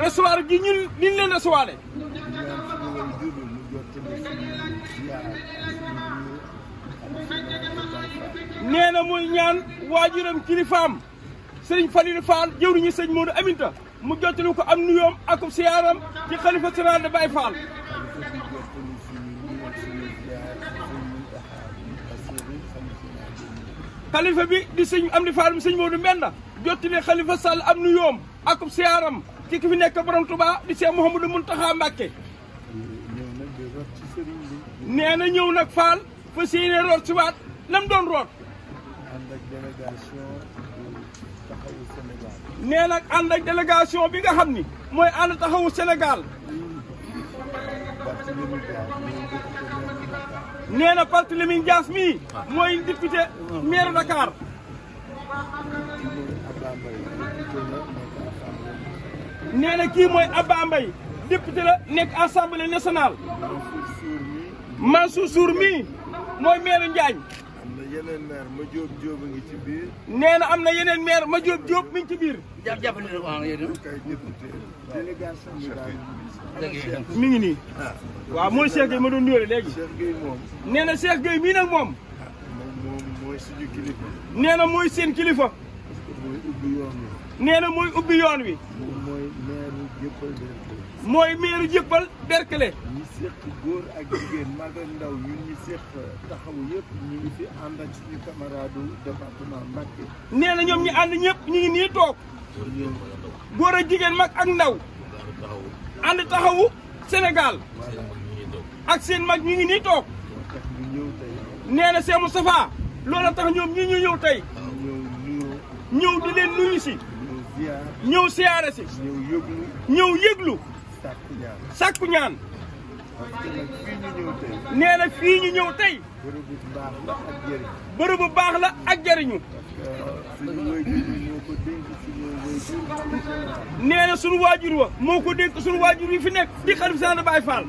recevoir gi ñun niñ leen recevoir nee na muy ñaan waajuram kilifaam sëriñ Falilou Fall jëwriñu sëñ Modou Aminta mu jottali ko am nuyoom ak siyaaram ci xalifa général de Baye Fall xalifa bi di sëñ Amdi Fall sëñ Modou Mbenda jottali xalifa Sall am nuyoom ak siyaaram ki ki fi nek borom Touba di Cheikh mohamoudou muntaha Mbacké neena ñew nak fal fa seené ror ci wat nam doon ror neena nag ànd ak délégation bi nga xamni moy and taxawu Sénégal neena parti Barthélémy jass mi moy député maire Dakar nee na kii mooy Abba Mbaye député la nekk assemblée nationale Mansour Sour mii mooy meeru Njaañ am na yeneen maire ma Diop Diop ci biir nee na am na yeneen maire ma Diop Diop mi ngi ci biir mi mooy Cheikh ma doon nuyoo léegi nee na Cheikh Gueye mii nag moom nee na mooy seen kilifa nee mooy ubbi yoon mooy meeru jëppal Derklé. ñi séq góor ak jigéen mag ak ndaw ñun ñi séq taxaw yëpp ñu ngi fi ànd ak suñu camarade ma Mbacké. nee na ñoom ñi ànd ñëpp ñu ngi nii toog. góor ak jigéen mag ak ndaw. ànd taxawu Sénégal. ak seen mag ñu ngi nii toog. nee na Cheikh Moustapha. loola tax ñoom ñi ñu ñëw tey. ñëw di leen nuyu si. ñëw siyaare si. ñëw yëglu. ñëw yëglu. sàkku ñaan. nee na fii ñu tey. bërëb bu baax la ak jëriñu. Euh, nee na sunu waajur wa moo ko dénk sunu waajur yi fi nekk di xarit Sane Baye Fall.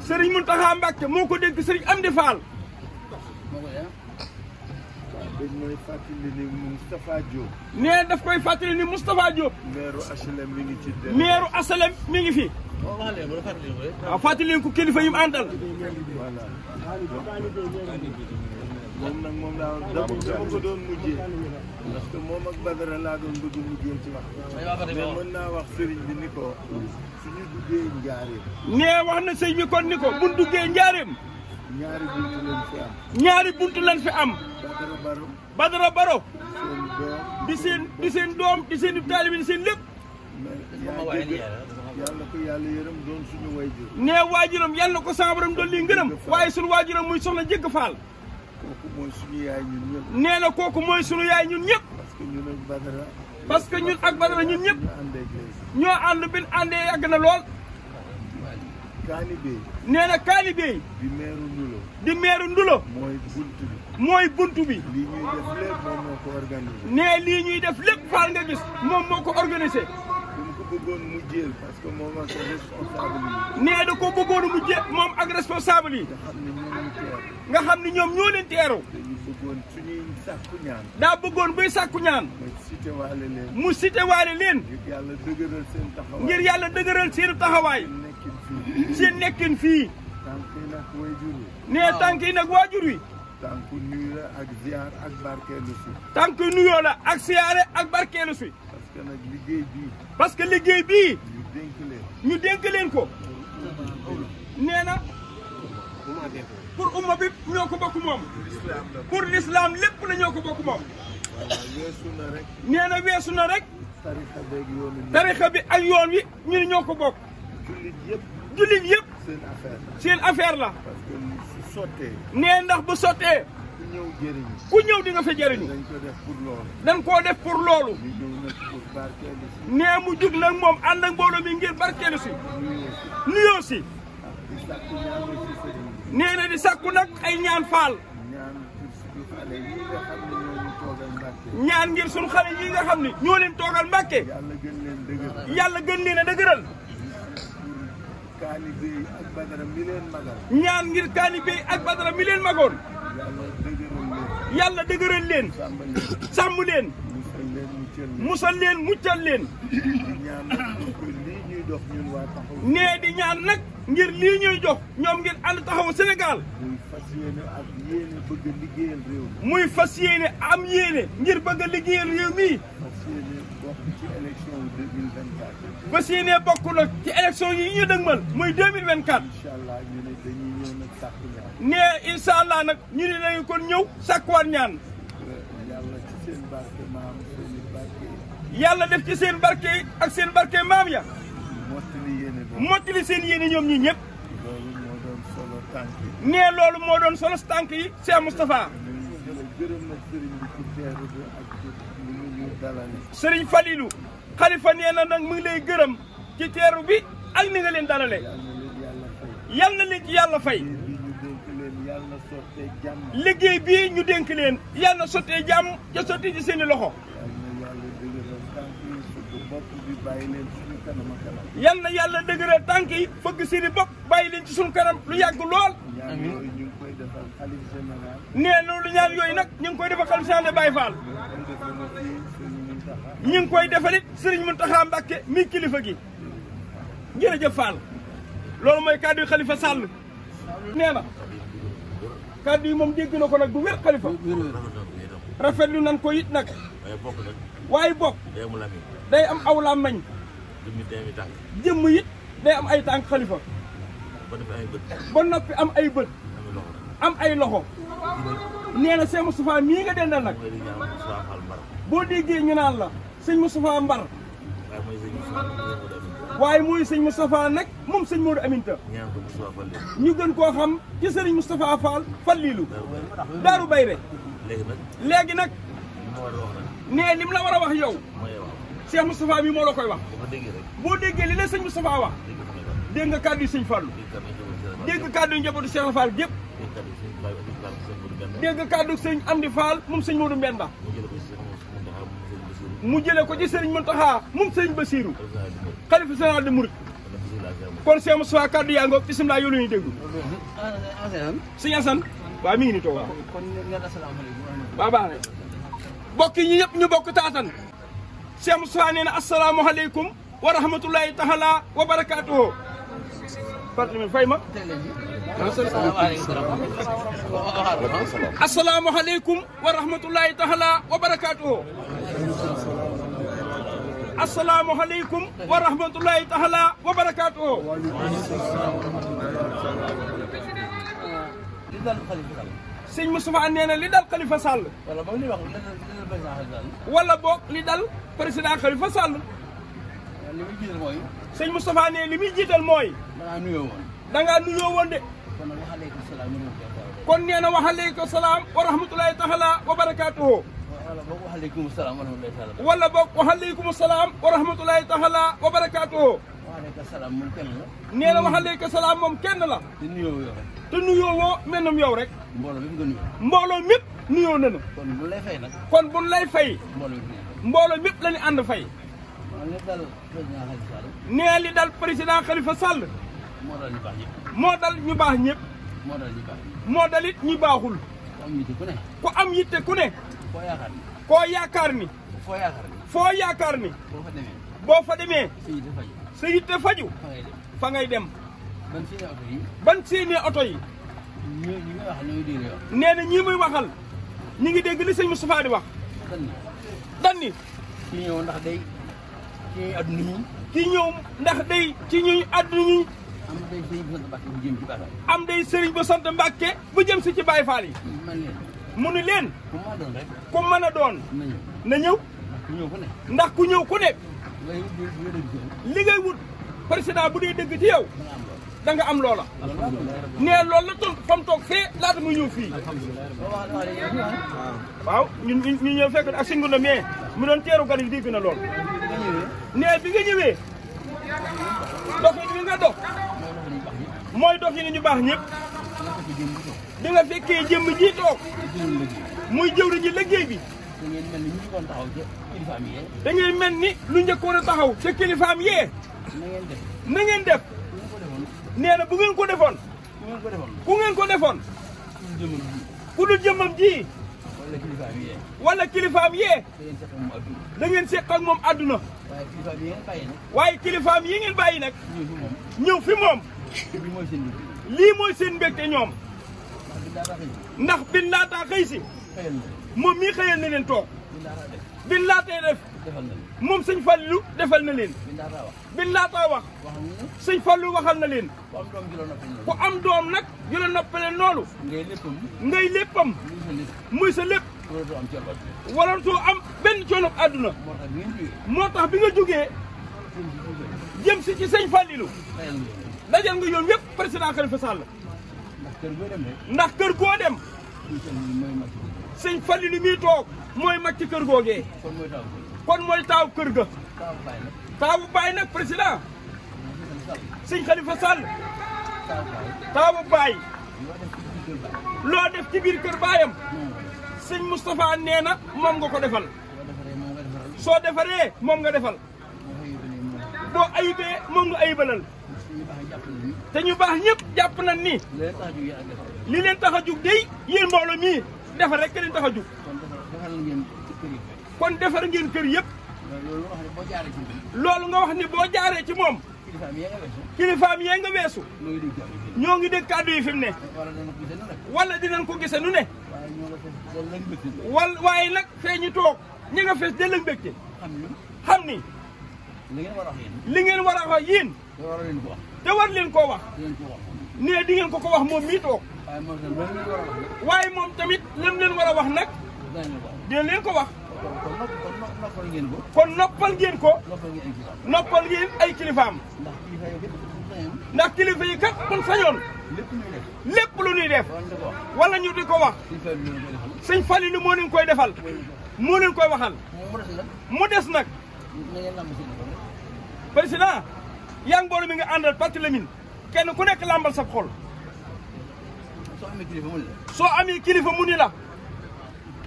Serigne Mountakha Mbacké moo ko dénk Serigne Amdi Fall. dañ may fàttali ni Moustapha Diop. nee daf koy fàttali ni Moustapha Diop. mi ngi ci dëkk. meeru asalem mi ngi fi. waaw fàttali leen ko kilifa yi mu àndal. voilà. moom nag moom laa ko doon mujjee. parce que moom ak Badara laa ni ko. suñu duggee njaareem. nee wax na sëriñ bi ni ko bu duggee ñaari buntu lañ fi am. ñaari buntu lañ fi am. Badara Baro. Badara Baro. di seen doom di seen taalibe di seen lépp. yàlla ko yàlla yërëm doon suñu waajur. nee waajuram yàlla ko sama borom doon lii ngërëm. waaye suñu waajuram muy soxna Jégg Faal. mooy suñu yaay ñun ñëpp. nee na kooku mooy sunu yaay ñun ñëpp. parce que ñun ak Badara. parce que ñun ak Badara ñun ñëpp. ànd benn àndee yàgg na lool. nena Bay. nee Kani Bay. di meru Ndulo. di Ndulo. buntu bi. moy buntu bi. li ñuy def lepp moom moo ko organisé. nee ñuy def nga gis ko ko bëggoon mu jël parce que mom ak responsable yi. da ko bëggoon mu jël ak responsable yi. nga xamni ñom ñoo leen téro da bëggoon buy sakku ñaan. mu cité walé leen. ngir yalla dëgeural seen taxaway ngir seen seen nekkin fii. tànk yi nag waajur parce que nag ko. nee na. umma bi ñoo ko bokk moom. pour l'islam lépp la ñoo ko bokk moom. weesu na rek. nee na weesu tarixa bi ak yoon wi. ñu ñoo ko bokk. jullit yëpp. seen affaire la seen affaire nee ndax bu sottee. ku ñëw di nga fa jëriñu. ko def pour loolu. dañ koo def pour loolu. nee mu jug nag moom ànd ak mbooloo ngir barkeelu si. nuyoo nee na di sàkku nag ay ñaan faal. ñaan ngir sunu xale yi nga xam ne ñoo toogal Mbàkke. yàlla gën leen dëgëral. yàlla gën kaani Gueye ak Badara mi leen magoon. ñaan ngir kaani Gueye ak Badara mi magoon. yàlla dëgëral leen. sàmm leen. musal leen muccal leen. nee di ñaan nag ngir lii ñuy jox ñoom ngir ànd taxawu yéene bëgg a liggéeyal réew muy fas yéene am yéene ngir bëgg a liggéeyal réew mi. fas yéene bokk ci élection yu deux mille vingt quatre. fas yéene bokk nag ci élection yi ñu dëgmal muy deux mille vingt quatre. incha allah ñu dañuy ñëw nag sàkku ñaan. nee incha allah nag ñu ne dañu yàlla seen barke maam seen def ci seen barke ak seen barke maam ya. mottali yéene seen yéene ñoom ñi ñëpp. nee loolu moo doon solo tànk yi Cheikh Moustapha. Serigne Falilou xalifa nee na nag mu lay gërëm ci teeru bi ak ni nga leen dalale yal na leen ci yàlla fay. liggéey bii ñu dénk leen yal na sottee jàmm ca sotti ci seeni loxo. yang na yàlla dëgëral tànk yi fëgg seen i bopp bàyyi leen ci suñu kanam lu yàgg lool. nee loolu ñaan yooyu nag ñu ngi koy defal xalifa général Baye Fall. ñu ngi koy lagi, it Serigne Mountakha Mbacké mi kilifa gi. jërëjëf Fall loolu mooy kàddu yi xalifa Sall nee na kàddu yi waibok, dégg na ko nan ko day am aw làmmiñ jëmm it day am ay tànk xalifa ba noppi am ay bët am ay loxo nee na sëñ Moustapha mii nga dendal nag boo déggee ñu naan la sëñ Moustapha Mbar waaye mooy sëñ Moustapha nag moom sëñ Modou Aminta ñu gën koo xam ci sëriñ Moustapha Fall Fallilu Daaru Bayre léegi nag nee lim la war a wax yow Cheikh Moustapha mi mo la koy wax bo déggé li la sëñ Moustapha wax dégg kaddu kàddu yi Fallou dégg kaddu njabotu yi Fall gep dégg kaddu kàddu Amdi Fall mum sëñ Modou Mbenda mu jëlé ko ci sëriñ Moustapha mum sëriñ Bassirou Khalifa général de Mourid kon Cheikh Moustapha kàddu yaa ngoog bisimilah yow la ñuy déglu sëñ Assane waaw mi ngi ni toog waaw ba na bokki ñi ñep ñu bokku taatan سيام سانين عليكم ورحمة الله تعالى وبركاته السلام عليكم ورحمة الله تعالى وبركاته السلام عليكم ورحمة الله تعالى وبركاته السلام عليكم ورحمة الله تعالى وبركاته sëñ Moustapha nee na li dal Khalifa Sall. wala boog li wax li dal président Khalifa Sall. wala boog li dal président Khalifa Sall. li muy jiital mooy. sëñ Moustapha nee li muy jiital mooy. dangaa nuyoo woon. dangaa nuyoo woon de. kon waxaleykum salaam kon nee na waxaleykum salaam wa rahmatulahi taala wa barakaatuhu. wala boog waxaleykum salaam wa rahmatulahi taala. wala boog waxaleykum salaam wa rahmatulahi taala wa barakaatuhu. salaam moom nee na waxaleyka salaam moom kenn la. te nuyoo yow rek. te nuyoo woo yow rek. mbooloo mépp nga nuyoo. mbooloo mépp nuyoo nanu. kon bu lay fay nag. kon mbooloo mépp la ñu ànd fay. nee li dal président Khalifa sàll moo dal ñu baax ñëpp. moo dal ñu baax ñu baaxul. ku am yitte ku ne. ku yaakaar ni. koo yaakaar ni. foo yaakaar ni. foo yaakaar ni. boo fa demee. boo fa demee. sa te faju fa ngay dem ban seeni oto yi ban oto yi nee na ñii muy waxal ñi ngi dégg li sëñ Moustapha di wax danni kii ñëw ndax day ci ñuy àdduna ñi kii ñëw ndax day ci ñuy àdduna ñi am day sëriñ bu sant Mbàkke bu jëm ci si ci Baay Faal yi mu ni leen ku mën a doon mën a doon na ñëw ndax ku ñëw ku ne li ngay wut président bu dee dëgg ci yow da nga am loola nee loolu la toog fa toog fee laata mu ñëw fii waaw ñun ñu ñëw fekk ak singul na mais mu doon teeru gan yi dégg na lool nee bi nga ñëwee dox yi nga dox mooy dox yi ni ñu baax ñëpp di nga fekkee jëmm ji toog muy jëwriñ ji liggéey bi kilifaam yee. da mel ni lu njëkkoon a taxaw ca kilifaam yee. na ngeen def. na bu ngeen ko defoon. ku ngeen ko defoon. ku ngeen ko defoon. ku dul jëmmam ji. wala kilifaam yee. wala kilifaam yee. moom àdduna. waaye kilifaam yi ngeen bàyyi nag. waaye kilifaam yi ngeen bàyyi nag. ñëw fi moom. lii mooy seen mbégte. lii ñoom. ndax bin laataa xëy moom mii xëyal na leen bin laatee def. moom sëñ Fallou defal na leen. bin laataa wax. sëñ Fallou waxal na leen. ku am doom nag yu la noppale noonu. ngay léppam. ngay léppam. muy sa lépp. waratoo am benn coono àdduna. moo tax bi nga jógee. jëm si ci sëñ Fallilou. dajal nga yoon yëpp président Khalifa Sall. ndax kër goo ndax kër goo dem. fali Fallilou mi tok moy mak ci keur goge kon moy taw keur ga taw bay nak president sëñ Khalifa Sall taw bay Lo def ci bir keur bayam sëñ Moustapha neena mom nga ko defal so defare mom nga defal do aybe mom nga aybalal te ñu bax ñep japp nañ ni li leen tax a jug day yéen defar rek leen tax kon defar ngeen keur yëpp lolou nga wax ni bo jaare ci mom kilifaam yee nga wessu ñoo ngi dégg kàddu yi fim ne wala dinañ ko gisse nu ne wal waaye nag fee ñu ñi nga fess fees dellëg mbégte xam ni li ngeen war a wax yeen te war leen ko wax ne di ngeen ko ko wax mom mi tok waaye moom tamit lam leen war a wax nag. dee leen ko wax. kon noppal géen ko. noppal ngeen ay kilifaam. ndax kilifa yi sañoon. lépp lu ñuy def. wala ñu di ko wax. sëñ Falilou moo leen koy defal. moo leen koy waxal. mu des nag. président yaa ngi boole mi nga àndal parti Lamine kenn ku nekk làmbal sa xol. soo amee kilifa mu ni la.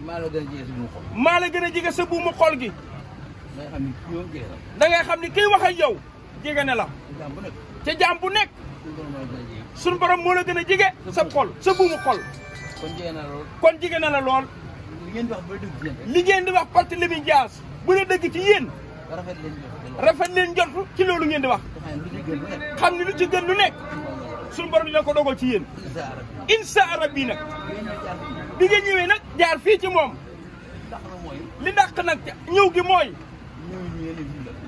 maa la gën a jege sa buumu xol. maa la gën a jege sa buumu xol gi. da ngay xam ni kii wax ak yow jege ne la. ca jaam bu nekk. suñu borom moo la gën a jege. sa xol sa buumu xol. kon jege na la lool. kon jege na la lool. li ngeen di wax ba dëgg ci li ngeen di wax Barthélémy Dias bu dee dëgg ci yéen. rafet leen jot leen jot ci loolu ngeen di wax. xam ne lu ci gën lu nekk. suñu borom dina ko dogal ci yéen insa rabbi nag bi nga ñëwee nag jaar fii ci moom li ndax nag ñëw gi mooy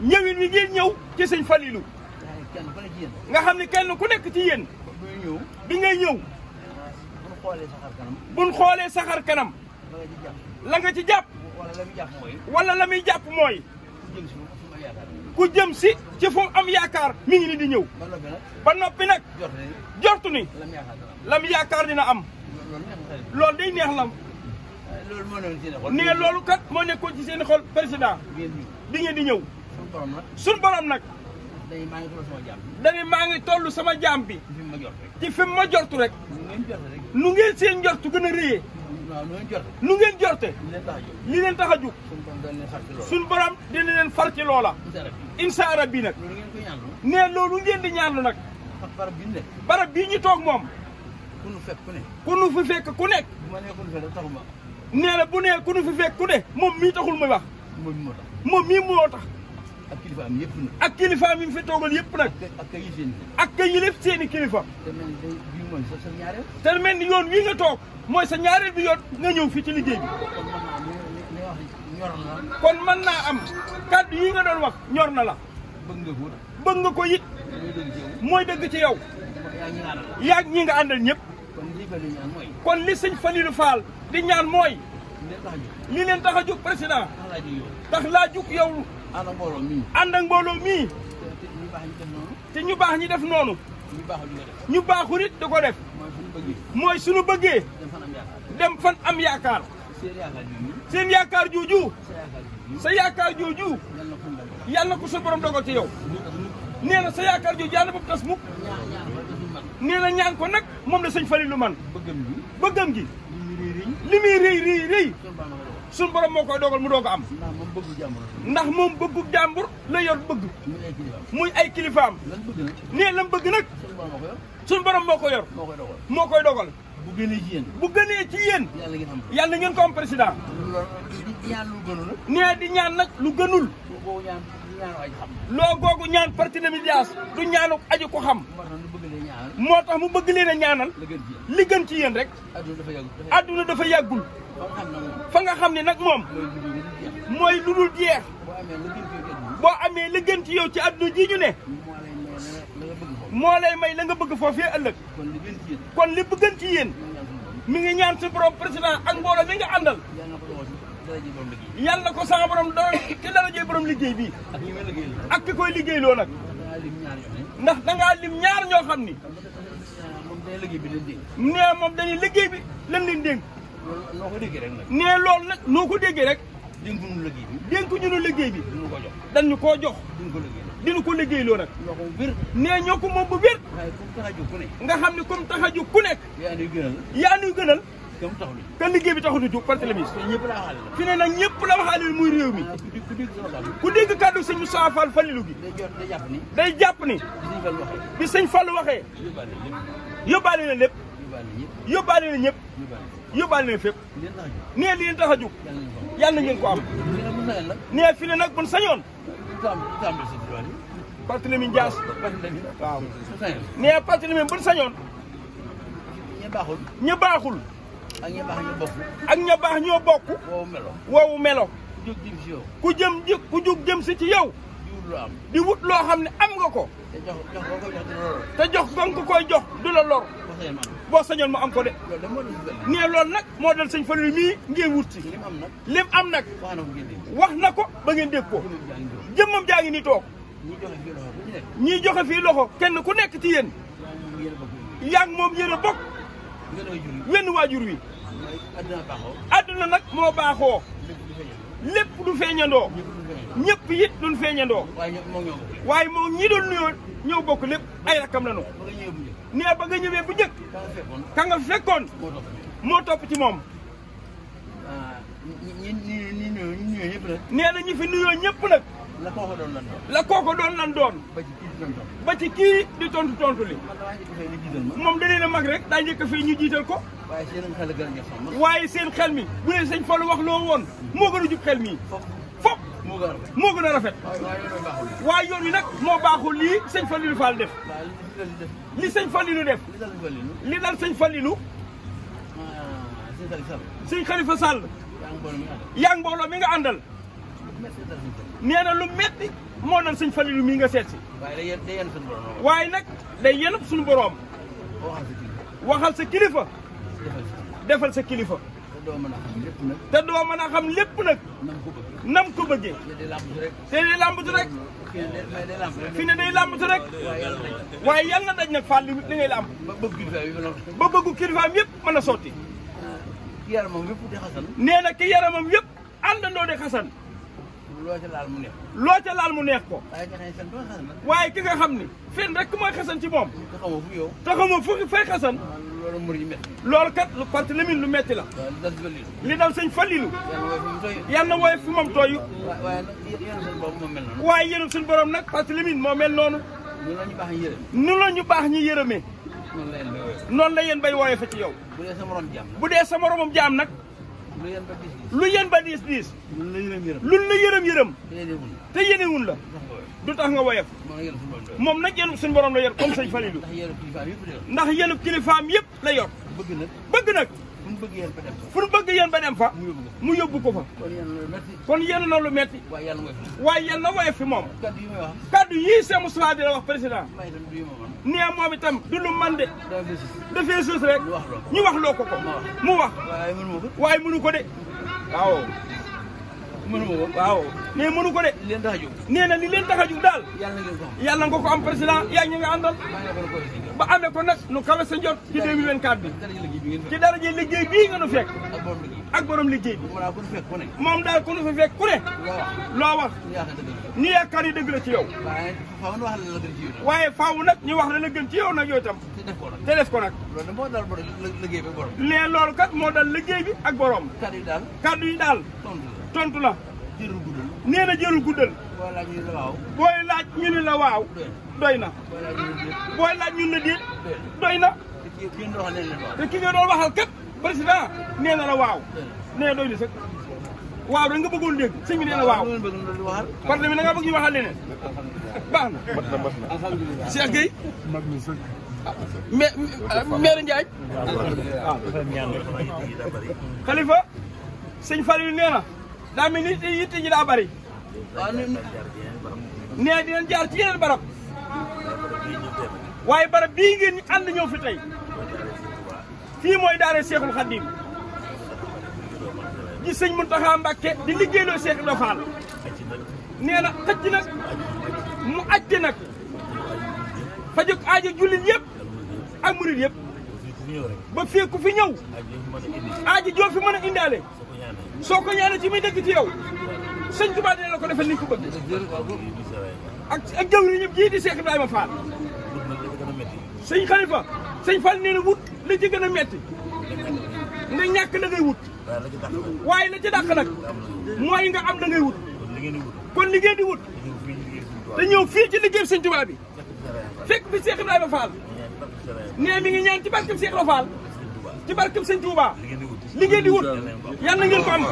ñëwin wi ngeen ñëw ci sëñ Falilu nga xam ne kenn ku nekk ci yéen bi ngay ñëw buñ xoolee saxaar kanam la nga ci jàpp wala la muy jàpp mooy ku jëm si ci fu am yaakaar mi ngi ni di ñëw ba noppi nag jortu ni lam yaakaar dina am loolu day neex lam eh, ni loolu kat moo nekkoon ci seen xol président di ngeen di ñëw suñ borom nag dañuy maa ngi toll sama jaam bi ci fi mu ma jot rek nu ngeen seen jot gën a lu ngeen jorte li leen tax a jug suñ borom dina leen far ci loola insa rabbi nag ne loolu ngeen di ñaanlu nag barab bii ñu toog moom ku nu fekk ku ne ku nu fi ku nekk nee na bu nee ku nu fi fekk ku ne moom mii taxul muy wax moom mii moo tax ak kilifaam yëpp nag. ak kilifaam yi mu fi toogal yëpp nag. ak kay seen ak kay kilifa. te mel ni bii mooy yoon wi nga toog mooy sa ñaareel bi yoon nga ñëw fii ci liggéey bi. kon mën naa am kàddu yi nga doon wax ñor na la. bëgg nga ko bëgg it. mooy dëgg ci yow. yaa ñi nga àndal ñëpp. kon li fa Falilou Fall di ñaan mooy. li leen tax a jóg président. tax laa jóg yow. ànd ak mbooloo mii. ànd mbooloo mii. te ñu baax ñi def noonu. ñu baaxul ñu def. ko def. mooy suñu bëggee. mooy suñu bëggee. dem fan am yaakaar. dem fan am yaakaar. seen yaakaar jooju. seen yaakaar jooju. sa yaakaar jooju. yal na ko sa borom dogal ci yow. nee na sa yaakaar jooju yal na boobu mukk. nee na ñaan ko nag moom la fa Falilu man. bëggam gi bëggam gi. sun borom moko dogal mu doog am. ndax mom bëggu jambur ndax moom bëggu jàmbur la yor bëgg. muy ay kilifaam. ne lam bëgg nak sun borom moko yor. moko dogal. bu gënee ci yeen bu gënee ci yeen yalla ngeen ko am président. di ñaan nak lu gënul. lo gogu ñaan parti de médias du ñaanu aji ko xam. motax mu bëgg leena ñaanal. li gën ci yeen rek. aduna dafa yagul fa nga xam ne nag moom mooy lu dul jeex boo amee la ci yow ci àdduna ji ñu ne moo lay may la nga bëgg foofee ëllëg kon li bëggan ci yéen mi ngi ñaan si borom président ak mbooloo mi nga àndal yàlla ko sama borom doon la darajee borom liggéey bi ak ki koy liggéeyloo nag ndax dangaa lim ñaar ñoo xam ni nee moom dañuy liggéey bi lan leen dénk noo ko déggee rek nag. nee lool nag noo ko déggee rek. dénkuñu liggéey bi. dénkuñu nu liggéey bi. duñu ko jox dañu koo jox. duñu ko liggéey dinu ko liggéey loo nag. ñoo ko bu wér. nee ñoo ko moom bu wér. nga xam ne comme tax a jóg ku nekk. yaa nuy gënal. yaa nuy gënal. te mu taxul te liggéey bi taxul a jóg par télémise. fi ne nag ñëpp la waxaale muy réew mi. ku dégg kàddu sëñ Moussa Fall Falilou gi. day jàpp ni. day jàpp ni. bi sëñ Fall waxee. yóbbaale na lépp. yóbbaale na ñëpp. yóbbaale na fépp nee lii tax a jug na ngeen ko am fi ne nag buñ sañoon Barthélémy Dias waaw nee Barthélémy buñ sañoon ña ak ña baax ñoo bokk ak ña melo ku jëm ku jug jëm si ci yow di wut loo xam ne am nga ko jox ko koy jox du la boo sañoon ma am ko de. nee loolu nag moo del sëñ Fallu mii ngeen wut si. lim am nag wax na ko ba ngeen dégg ko jëmmam jaa ngi nii toog joxe fii loxo kenn ku nekk ci yéen yaa moom yéen a bokk wenn waajur wi àdduna nag moo baaxoo lépp du feeñandoo ñëpp it duñ feeñandoo waaye moom ñi doon nuyoo ñëw bokk lépp ay rakkam la ñu nee ba nga ñëwee bu njëkk. ka nga fekkoon. moo topp ci moom. Ah, ñi ñi ñi nee na ñi fi nuyoo ñëpp nag. la kooko doon lan doon. la doon lan doon. ba ci kii di tontu ba ci kii di tontu tontu li. moom da leen a mag rek daa njëkk fii ñu jiital ko. waaye seen xel mi bu ne sëñ Fallou wax loo woon moo gën a jub xel mi. fop moo gën rafet way yoon wi nak mo baxul li seigne Falilou Fall def li seigne Falilou def li dal seigne Falilou seigne Khalifa Sall yang ngi mi nga andal neena lu metti mo dal seigne Falilou mi nga setti way nak day yenub suñu borom waxal sa kilifa defal sa kilifa doo mën a xam lépp nag. te doo mën a xam lépp nag. nam ko bëggee. nam ko bëggee. te di làmbatu rek. te di làmbatu rek. fi ne day làmbatu rek. waaye yal na daj nag fàll li ngay làmb. ba yëpp ba bëggu kilifaam yëpp mën a sotti. ki yaramam nee na ki yaramam yëpp àndandoo di xasan. loo ca mu neex loo ca laal mu neex ko waaye ki nga xam ni fen rek mooy xasan ci moom te xamoo fu yow te xamoo fu fay xasan ah, loolu mbir yu métti loolu kat lu parce que Lamine lu métti la li dal sëñ Falilu yal na wooye fi moom tooyu waaye yéen suñu borom nag parce que Lamine moo mel noonu nu la ñu baax ñi yërëmee noonu la yéen bay wooye fa ci yow bu dee sa moromam jaam nag lu yéen ba diis diis lu la yërëm yërëm te yéenewun la du tax nga woyof moom nag yéen suñu borom la yor comme sëñ Falilou ndax yéen kilifaam yëpp la yor bëgg nag fu mu bëgg yéen ba dem fa. fu mu bëgg mu yóbbu ko fa. kon yéen na lu metti. waaye yal na woyof fi. waaye yal na woyof fi moom. kaddu yi wax. kaddu yii Cheikh Moustapha di la wax président. nee moom itam du lu man de. dafee suus rek. ñu wax loo ko ko. mu wax waaye mënu ko de. waaw. mënu ma ko waaw mais mënu ko de. leen tax a jóg nee na li leen tax a jóg daal. yàlla nga ko am président yaa ngi ñu nga ba amee ko nag nu kawe sa njot ci 2024 bi ci daraje liggéey bii nga nu fekk ak borom liggéey bi moom daal ku nu fi fekk ku ne loo wax ñu yaakaar yi dëgg la ci yow waaye faaw nag ñu wax la la ci yow na yow itam te def ko nag ne loolu kat moo dal liggéey bi ak borom kàddu yi daal tontu la jërul guddal. nee na jërul booy laaj ñu la waaw. booy laaj ñu la na. booy laaj ñu déet. doy te ki nga doon waxal kat président nee na la waaw. nee doy na sax waaw da nga bëggoon dégg sëñ na waaw. parce que da nga bëgg ñu waxal leneen. baax na. mat na mat na. Cheikh Gueye. mag mi na. daa mel ni yitte ji daa bari nee dinañ jaar ci yeneen barab waaye barab bii ngeen ñu ànd fi tey fii mooy daara Seexul Xaddiim ji sëñ Muntaxa Mbàkke di liggéeyloo Seex Ibra Faal nee na xëcc nag mu ajj nag fajuk aajo jullit yëpp ak murit ba fii ku fi ñëw aajo joo fi mën a indaale soo ko ñaanee ci muy dëgg ci yow sëñ Tuubaa dina la ko defal ni ko bëgg. ak ak jawriñam jii di Cheikh Ibrahima Fall. sëñ Khalifa sëñ Fall nee na wut li ci gën a metti nga ñàkk da ngay wut. waaye la ci dàq nag mooy nga am da ngay wut. kon li ngeen di wut. te ñëw fii ci liggéey sëñ Tuubaa bi. fekk fi Cheikh Ibrahima Fall. nee mi ngi ñaan ci barkeb Cheikh Ibrahima Fall. ci barkeb sëñ Tuubaa. li ngeen di wut yal ngeen ko am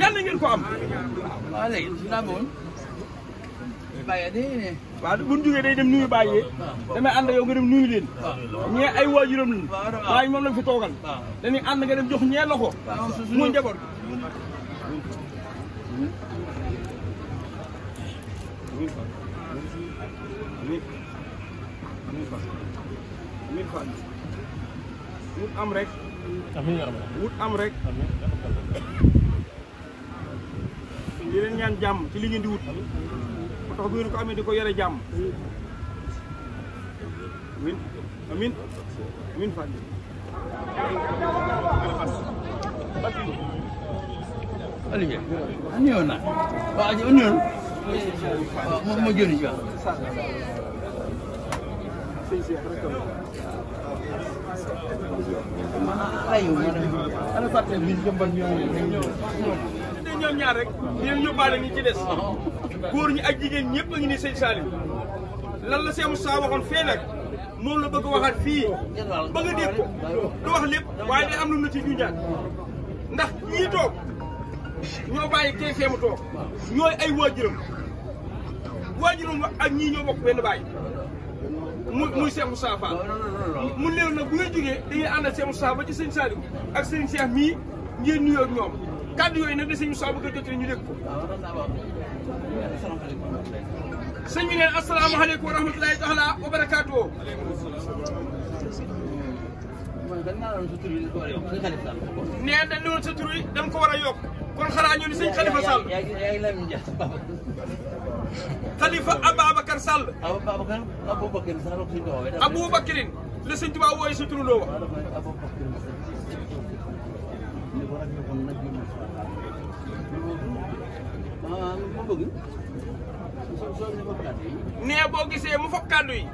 yal na ngeen ko am. waaw léegi dinaa bëggoon. Baye de. waaw bu ñu jógee day dem dem nuyu leen. ñee ay waajuram lañu. waaye moom lañ fi toogal. dañuy ànd nga dem jox ñee loxo. Hmm? mu njaboot. am amiin yaa wut am rek di leen ñaan jàmm ci li ngeen di wut ba tax bu ngeen ko amee di ko yore jàmm amin amin amin Olivier, te ñoom ñaar rek ñoom yóbbaale ñi ci des góor ñi ak jigéen ñëpp a ngi ni sëñ Salim lan la seemu saa waxoon fee nag noonu la bëgg waxaat fii ba nga dégg ko du wax lépp waaye day am lu na ci junjaat ndax ñii toog ñoo bàyyi kee seemu toog ñooy ay waajuram waajuram ak ñii ñoo bokk benn bàyyi muy muy Cheikh mu néew nag bu ngeen jógee dañuy ànd ak Cheikh Moussa ba ci sëñ Saliou ak sëñ Cheikh mii ngeen nuyoo ak ñoom kàddu yooyu nag da sëñ Moussa bëgg a jotee ñu dégg ko ah, sëñ bi neen asalaamaaleykum wa rahmatulahi taala wa barakaatu o neen dañ ne woon sa tur yi da nga ko war a yokk kon xanaa ñu ni sëñ Khalifa khalifa ababacar sall ababacar aboubacar sall ko do aboubacar le seigne touba woy su turu do mu fab kàddu yi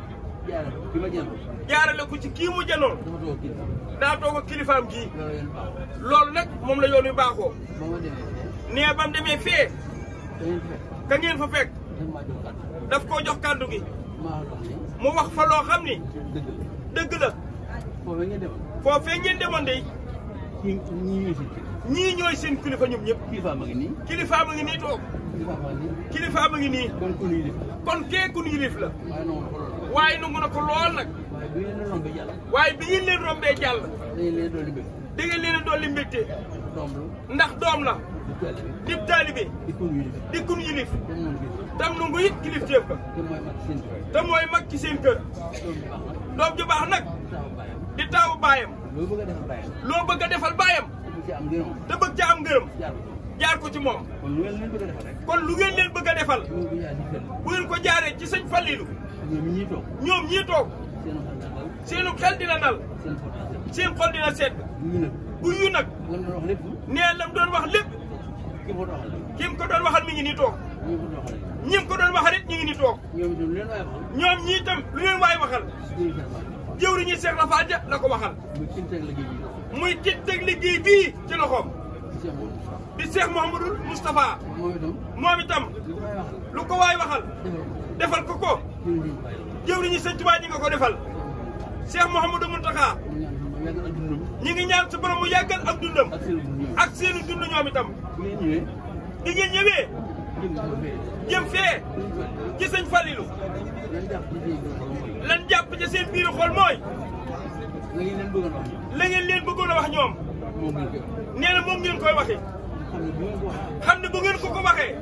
jaarale ko ci kii mu jëloon daa toog kilifaam gii loolu nag moom la yoon yu baaxoo nee ba mu ka ngeen fa daf koo jox kàddu gi. mu wax fa loo xam ni. dëgg la. foofee ngeen demoon de. ñii ñooy seen kilifa ñoom ñëpp. kilifa ma ngi nii. kilifa ma ngi toog. kilifa ma ngi nii. kon kee ku nu yilif la. waaye nangu na ko lool nag. waaye bi ngeen leen rombee jàll. da ngeen leen a ndax doom na dib taalibe. di kun yilif. tam nangu it kilifteef ka te mooy mag ci seen kër doom ju baax nag di taawu baayam loo bëgg a defal baayam te bëgg ca am jaar ko ci moom kon lu ngeen leen bëgg a defal bu ko jaaree ci sëñ Fallilu ñoom ñii toog seenu xel dina nal seen xol dina sedd bu yu nag nee lam doon wax lépp kim ko doon a mi ngi nii ñi ko doon wax rek ñu ngi ni toog. ñoom ñii tam lu leen waay waxal. jëwriñu Seex Rafal ja la ko waxal. muy ki teg liggéey bii ci loxoom. di Seex Mouhamadul Moustapha. moom itam lu ko waay waxal. defal ko ko. jëwriñu Sëñ Tuubaa ñi ko defal. Seex Mouhamadou Mountakha. ñi ngi ñaan sa borom mu yàggal ak dundam. ak seenu dund ñoom itam. di ngeen ñëwee. jëm fee ci sëñ Fallilou jàpp ci seen biiru xol mooy la leen bëggoon a wax ñoom nee moom ngeen koy waxee xam ne bu ko ko waxee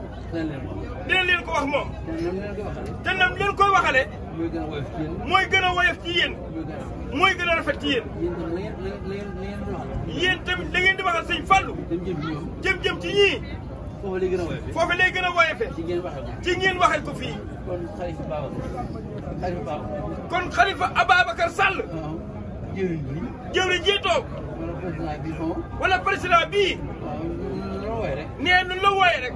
dina leen ko wax moom te nam leen koy waxale mooy gën a woyof ci yéen mooy gën a rafet ci yéen yéen tamit da ngeen di waxal sëñ Fallou jëm jëm ci ñii foofu lay gën a woyofee foofu lay gën a woyofee ci ngeen waxee ko ci ngeen waxee ko fii kon xalifa Babacar kon xalifa Ababacar Sall jëwriñ bi jëwriñ ji toog wala président bii nee nu la wooyee rek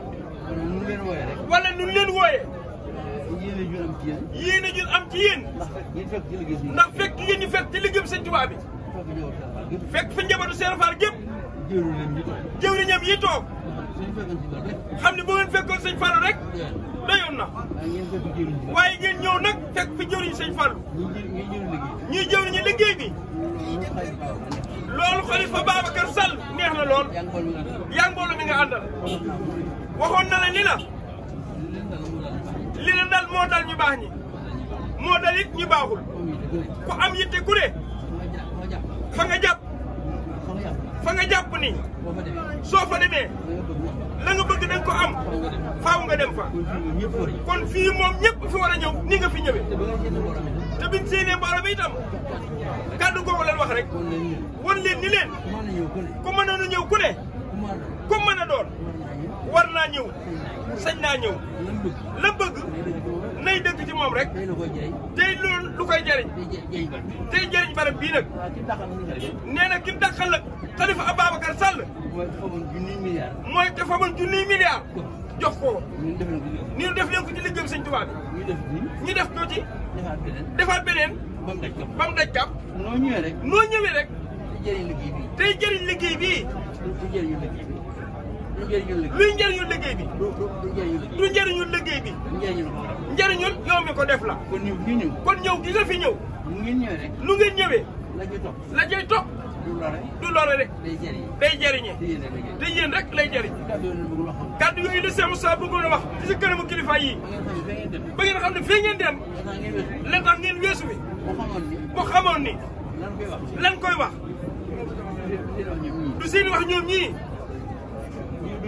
wala nu leen wooyee yéen a jur am ci yéen yéen a jur am ci yéen ndax fekk ngeen ñu fekk ci liggéeyam sëñ Tuubaa bi fekk fi njabootu Serigne Fall gépp jëwriñam yi toog xam ne bu ngeen fekkoon sëñ Fallou rek dayoon na waaye ngeen ñëw nag fekk fi jëriñ sëñ Fallou ñuy jëriñu liggéey bi loolu Khalifa Babacar Sall neex na lool yaa mi nga àndal waxoon na la ni la li moo dal ñu baax ñi moo dal it baaxul ku am yitte ku ne fa nga jàpp fa nga jàpp ni soo fa demee la nga bëgg da nga ko am faaw nga dem fa kon fii moom ñëpp fi war a ñëw ni nga fi ñëwee te biñ séenee baara bi itam kàddu googu leen wax rek won leen ni leen ku mën a ñëw ku ne ko mën a doon war naa ñëw sañ naa ñëw la bëgg nay dëkk ci moom rek. tey lu koy jëriñ. tey loolu lu koy jëriñ. tey jëriñ barab a nag. nee na kim dàqal nag Xalifa Ababacar Sall. mooy tafamoon junniy milliards. mooy tafamoon junniy milliards. jox ko ñu def leen ko ci liggéeyam sëñ Tuubaa bi. ñu def ñu def defaat beneen defaat beneen. ba mu daj kam ba mu daj noo ñëwee rek. noo ñëwee rek. tey jëriñ liggéey bii. bii. du njëriñul liggéey luy njëriñul liggéey bi. du njëriñul liggéey bi. njëriñul yow ko def la. kon ñëw gi ñëw. kon ñëw gi nga fi ñëw. lu ngeen ñëwee rek. lu ngeen ñëwee. la cay topp la cay topp. du lore du rek. day jëriñee day rek lay jëriñ. kàddu yooyu la Cheikh Moussa bëggoon a wax ci sa kanamu kilifa yi. ba ngeen xam ne fii ngeen dem. la tax ngeen weesu bi. boo xamoon ni. lan koy wax. du seen wax ñoom ñii.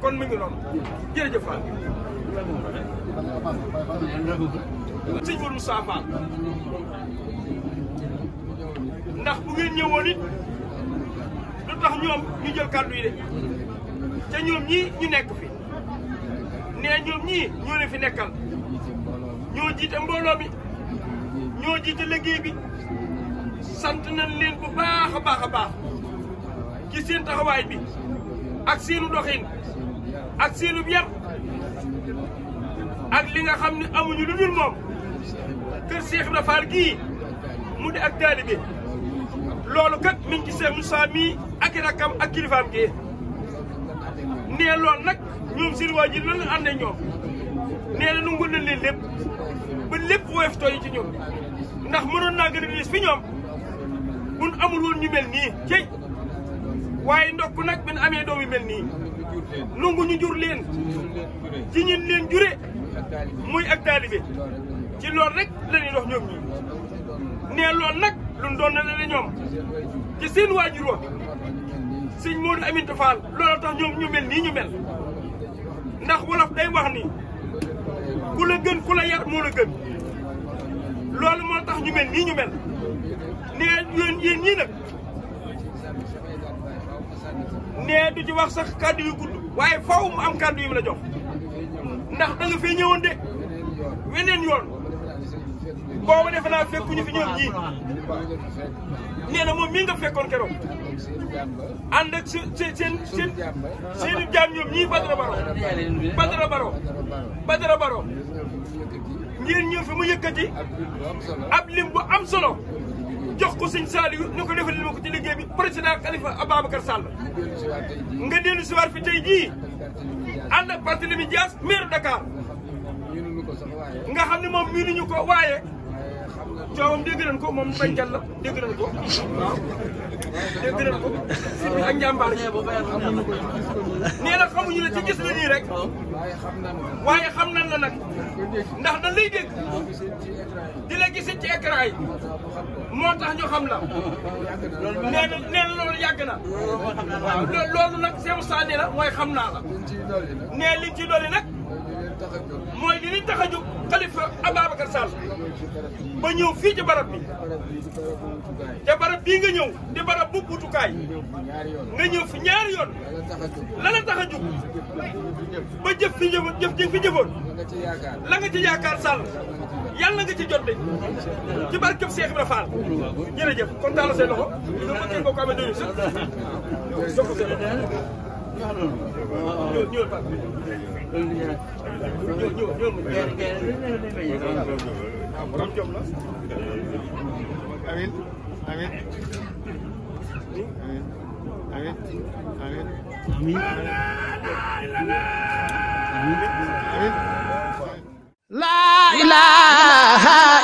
kon mu ngi noonu jërëjëf Fall. sëñ Modou ndax bu ngeen ñëwoon lu tax ñoom ñu jël kàddu de ca ñoom ñii ñu nekk fi nee ñoom ñii ñoo leen fi nekkal ñoo jiite mbooloo ñoo jiite liggéey bi sant nañ leen bu baax a baax a baax ci seen taxawaay bi ak seenu doxin ak seenub yar ak li nga xam ne amuñu lu dul moom kër Cheikh Ibra Fall gii mu di ak taalibe loolu kat mi ngi ci Cheikh Moussa mii ak rakkam ak kilifaam gii nee loolu nag ñoom seen waa ji lan la ñoom nee na nu ngul leen leen lépp ndax mënoon naa gën a diis fi ñoom buñ amul woon ñu mel nii cey waaye ndokk nag bin amee doom yu mel nii nangu ñu jur leen ci ñin leen jure muy ak taalibe ci loolu rek la ñuy dox ñoom ñi nee loolu nag lu doon na la ñoom ci seen waajur wa sëñ Modou Aminta Fall a tax ñoom ñu mel nii ñu mel ndax wolof day wax ni ku la gën ku la yar moo la gën loolu moo tax ñu mel nii ñu mel nee yéen yéen ñii nag nee du ci wax sax kàddu yu gudd waaye faw mu am kàddu yu mu la jox ndax da nga fee ñëwoon de weneen yoon booba defe naa fekkuñu fi ñoom ñii nee na moom mii nga fekkoon keroog ànd ak seen seen seen seeni jaam ñoom ñii Badara Baro Badara Baro Badara Baro ngeen ñëw fi mu yëkkati ab lim bu am solo jox ko sëñ Saliou ñu ko defal ma ko ci liggéey bi président Khalifa Ababacar Sall nga dellu si waat fi tey jii ànd ak Barthélémy Dias maire Dakar nga xam ne moom miinuñu ko waaye coowam dégg nañ ko moom bañ la dégg nañ ko waaw nañ ko sëñ bi ak la ci gis la rek xam nañ la ndax lay di la gis ci écran yi moo tax ñu xam la. loolu na nee na loolu yàgg na. waaw loolu nag Cheikh Moussa nee mooy xam na la. nee liñ ciy dolli mooy li tax a jóg Khalifa Ababacar Sall ba ñëw fii ci barab bi te barab bii nga ñëw di barab bu butukaay nga ñëw fi ñaari yoon la la tax a jóg ba jëf fi jëf jëf fi jëfoon la nga ci yaakaar Sall yàlla nga ci jot de ci barkeb Cheikh Ibra Fall jërëjëf kon tàllal say loxo nga bëggee boo ko amee doyul sax jox ko say loxo ñëw ñëw Pape ñëw ñëw ñëw borom jom la amin amin amin amin amin amin amin La ilaha